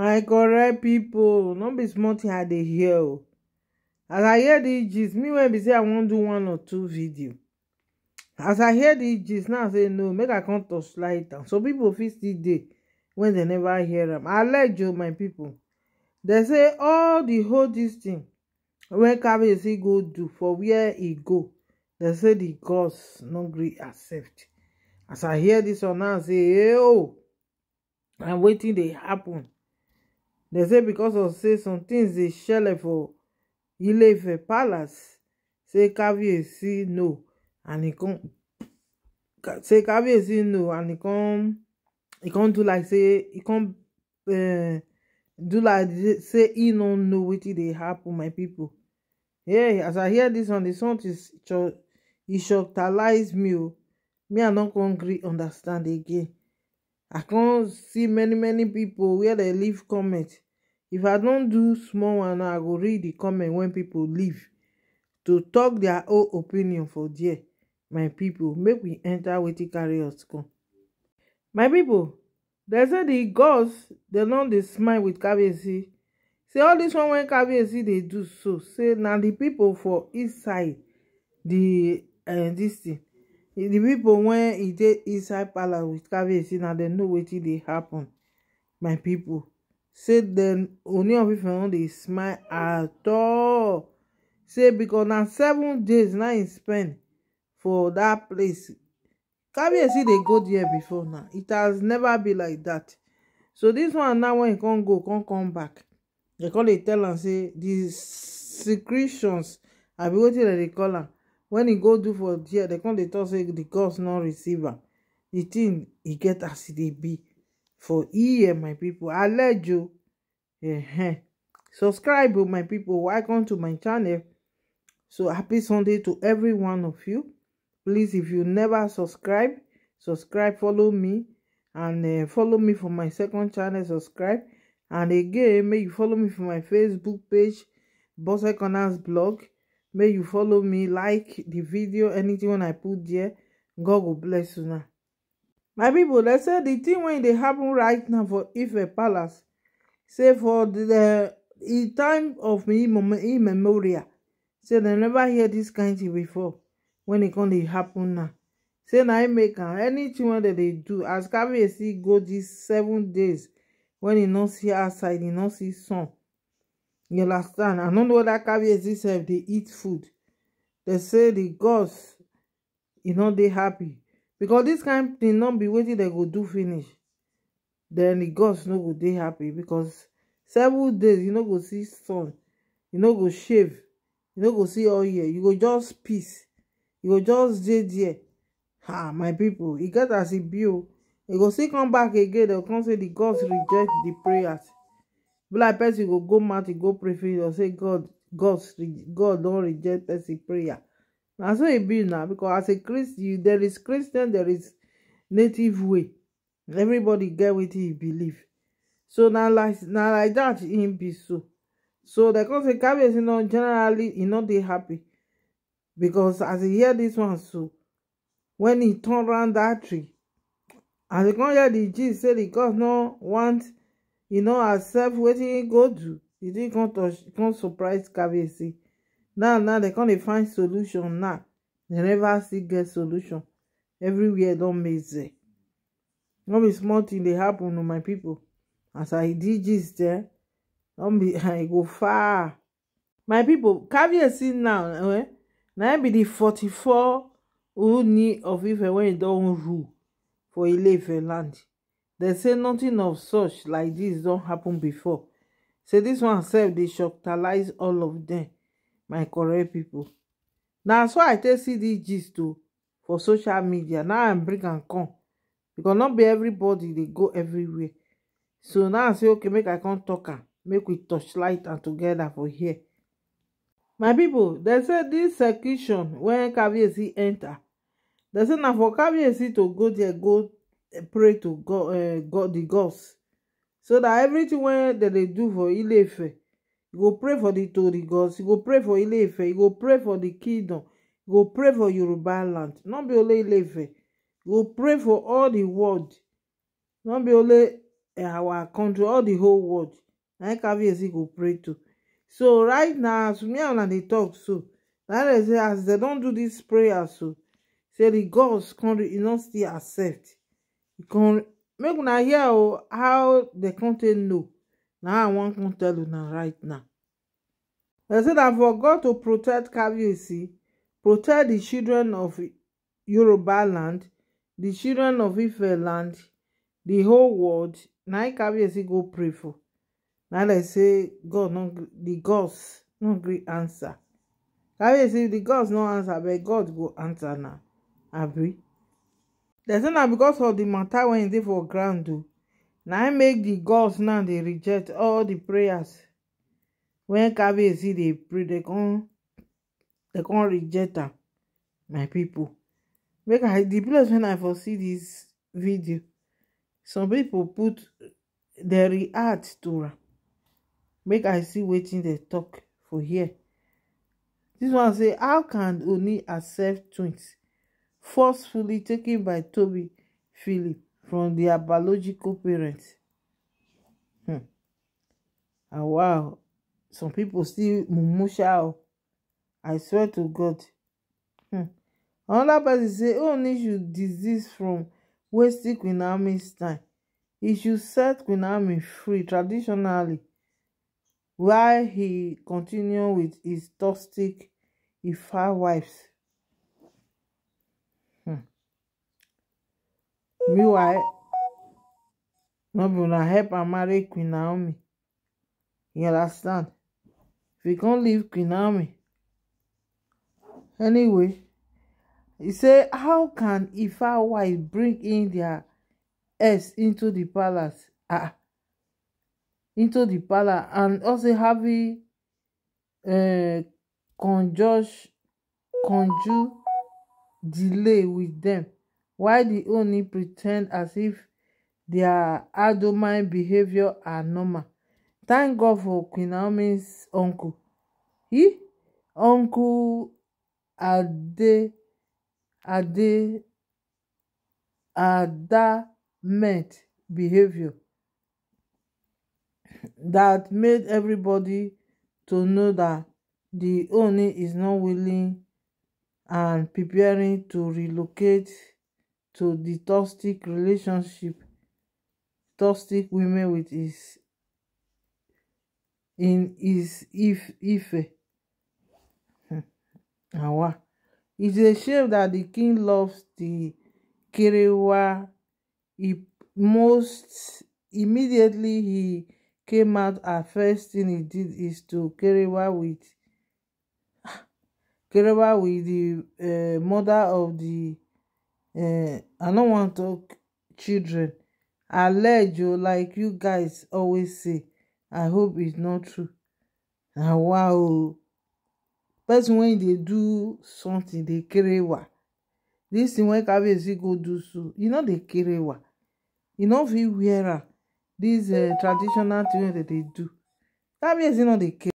my correct people, no be small tin i dey hear as i hear dis gist me when be say i wan do one or two video as i hear dis gist now say no make i come slide down so people fit still day when they never hear them. I like you, my people. They say all the whole this thing when wey kabiyesi go do for where he go They say di gods no gree accept as i hear this one now say hey I'm waiting they happen They say because of say some things they shall for a palace. Say see no and he come say see no and he come he come do like say he come uh, do like say he no know wetin they happen my people. Yeah, as I hear this on the song is cho e me oh. Me I don't concrete understand again. i can't see many many people where they leave comment if i don't do small one i go read the comment when people leave to talk their own opinion for dear my people. make we enta wetin carry us come my people, they say di gods They don they smile with caviarcy See all this one wey caviarcy they do so say now the people for inside the di eh, this thing The people when e dey inside palace with caviecy na dem know wetin they happen my people. say then, only of ife no dey smile at all say because now seven days na im spend for that place see they go there before now it has never been like that. so this one now when he can't go can't come back They call dey tell and say di secretions abi wetin dem they call am When he go do for there they come They talk say the gods not receive am di tin e get as e be for here my people. pipo alejo eh subscribe oh, my people. welcome to my channel so happy sunday to every one of you please if you never subscribe subscribe follow me and eh, follow me for my second channel subscribe and again make you follow me for my facebook page boss corners blog May you follow me like the video anything when i put there god will bless you now, my people. let's say the thing when they happen right now for if a palace say for di time of im memorial say they never hear this kind tin before when it come dey happen now say now im make am anytin wey they do as see go these seven days when e not see outside e not see sun you understand i no know whether kabiyesi sef they eat food they say the gods You know they happy because this kind thing not be waiting. They go do finish then the gods no go they happy because several days you no go see sun you no go shave you no go see all year you go just peace you go just dey there ah my people. e get as a e be You go see come back again dem come say the gods reject the prayers like person go go mountain go pray for you say god god god don reject person prayer na so e be na because as a christian there is christian there is native way everybody get wetin e believe so na like na like that him be so so dem come say kabiyesi no generally he no dey happy because as he hear this one so when he turn round that tree as he come hear the gist say di gods no want e no accept wetin e go do e dey come surprise caveatsi now now dem come dey find solution now dem never still get solution everywhere don maze no be small thing dey happen to oh, my pipo as i did gist eh no be i go far. my pipo caveatsi now eh, na be di 44 ori of ife wey e don rule for ile ife land. dem say nothing of such like this don happen before say this one sef dey shocktalize all of dem my correct people. na so i take see dis gist o for social media now i bring am come becos not be everybody dey go everywhere so now i say okay make i come tok am make we torchlight am together for here my people, dem say this circulation wen caviarcy enter. dem say na for caviarcy to go there go pray to god uh, god the gods so that everything when that they do for ile you go pray for the to the gods you go pray for ile you go pray for the kingdom you go pray for Yoruba land not be only ile you go pray for all the world not be only eh, our country all the whole world I na e Kabiyesi go pray to so right now as me and una dey talk so that is e as they don't do this prayer so say the gods country, you no still accept make una hear o oh, how the content know Now i want come tell una right now dem said I forgot to protect kabiyesi protect the children of yoruba land di children of ife land di whole world Now im go pray for Now like say god no the gods no gree answer kabiyesi the gods no answer but god go answer now. abi dem say na becos of the matter wey e dey for ground o na im make the gods now dey reject all the prayers wey kabiyesi dey pray dem come dem come reject am my people. make i the place wey i for see dis video some people put dem react to am make i see wetin dem talk for here This one say how can oni accept twins forcefully taken by Toby Philip from their biological parents. Hmm. And wow, some people still mumusha. I swear to God. Hmm. Another person say Ooni oh, should desist from wasting Queen Naomi's time. He should set Queen Naomi free traditionally while he continue with his toxic Ifa wives. meanwhile nobody be help am marry queen naomi you understand if you con leave queen naomi anyway he said, how can ifa wife bring in their ex into the palace ah into the palace and also having uh, conjure delay with them." while the only pre ten d as if their adomine behavior are normal thank god for Queen Naomi's uncle he uncle Ade Ade adamant behaviour that made everybody to know that the Ooni is not willing and preparing to relocate to the toxic relationship toxic women with his in his if ife hmm. awa it's a shame that the king loves the kerewa he most immediately he came out and first thing he did is to kerewa with kerewa with the uh, mother of the uh, i no wan talk children alejo like you guys always say i hope it's not true na wa o person wey dey do something dey kerewa This thing when kabiyesi go do so e no dey kerewa e no fit wear am dis uh, traditional things that they do kabiyesi know they care.